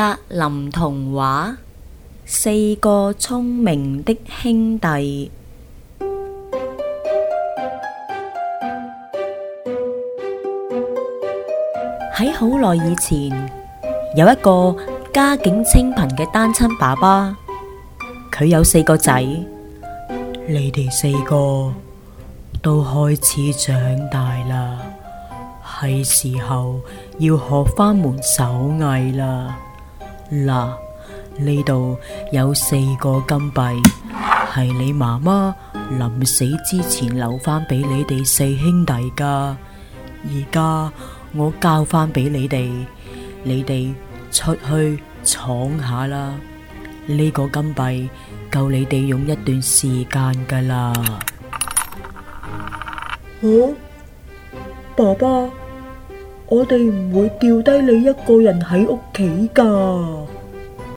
格林童話：四個聰明的兄弟。喺好耐以前，有一個家境清貧嘅單親爸爸，佢有四個仔。你哋四個都開始長大啦，係時候要學返門手藝啦。嗱，呢度有四個金幣，係你媽媽臨死之前留翻俾你哋四兄弟噶。而家我交翻俾你哋，你哋出去闖下啦。呢個金幣夠你哋用一段時間噶啦。哦、嗯，爸爸。我哋唔會掉低你一個人喺屋企㗎。